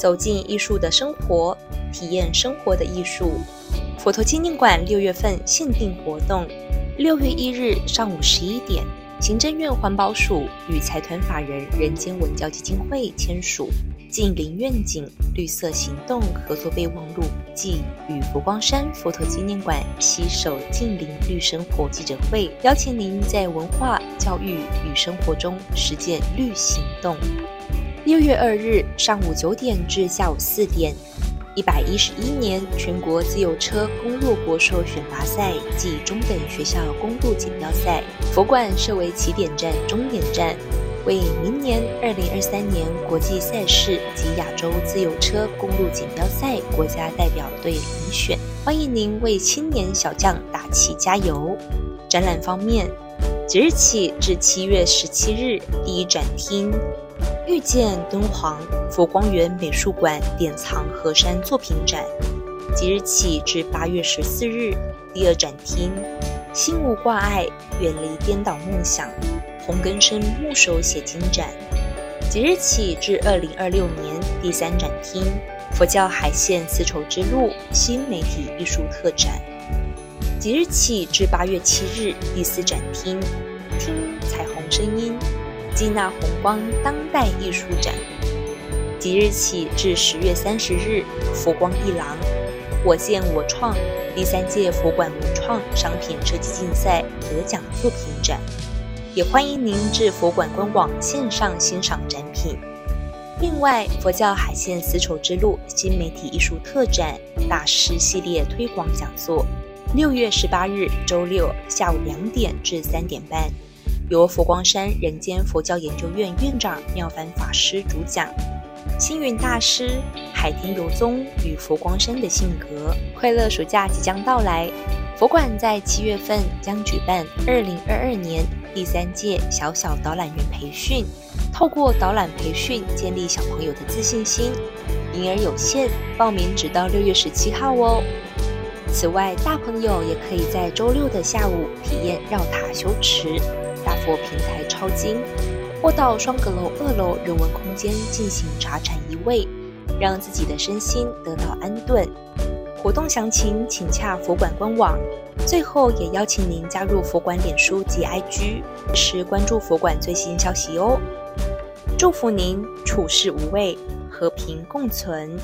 走進藝術的生活，體驗生活的藝術。佛陀紀念館六月份限定活動，六月一日上午十一點，行政院環保署與財團法人人間文教基金會簽署“淨零願景綠色行動”合作備忘錄，暨與佛光山佛陀紀念館攜手“淨零綠生活”記者會，邀請您在文化、教育與生活中實踐綠行動。六月二日上午九點至下午四點，一百一十一年全國自由車公路國手選拔賽暨中等學校公路錦標賽，佛館設為起點站、終點站，為明年二零二三年國際賽事及亞洲自由車公路錦標賽國家代表隊遴選。歡迎您為青年小將打氣加油。展覽方面。即日起至七月十七日，第一展廳《遇見敦煌》佛光緣美術館典藏何山作品展；即日起至八月十四日，第二展廳《心無掛礙，遠離顛倒夢想》洪根深沐手寫經展；即日起至二零二六年，第三展廳《佛教海線絲綢之路新媒體藝術特展》。即日起至八月七日，第四展廳聽彩虹聲音，積吶虹光當代藝術展；即日起至十月三十日，佛光藝廊，我見我創第三屆佛館文創商品設計競賽得獎作品展，也歡迎您至佛館官網線上欣賞展品。另外，佛教海線絲綢之路新媒體藝術特展大師系列推廣講座。六月十八日週六下午兩點至三點半，由佛光山人間佛教研究院院長妙凡法師主講。星雲大師、海天遊宗與佛光山的性格。快樂暑假即將到來，佛館在七月份將舉辦二零二二年第三屆小小導覽員培訓。透過導覽培訓，建立小朋友的自信心。名額有限，報名直到六月十七號哦。此外，大朋友也可以在週六的下午體驗繞塔修持、大佛平台抄經，或到雙閣樓二樓人文空間進行茶禪一味，讓自己的身心得到安頓。活動詳情請洽佛館官網。最後，也邀請您加入佛館臉書及 IG，及時關注佛館最新消息哦。祝福您處事無畏，和平共存。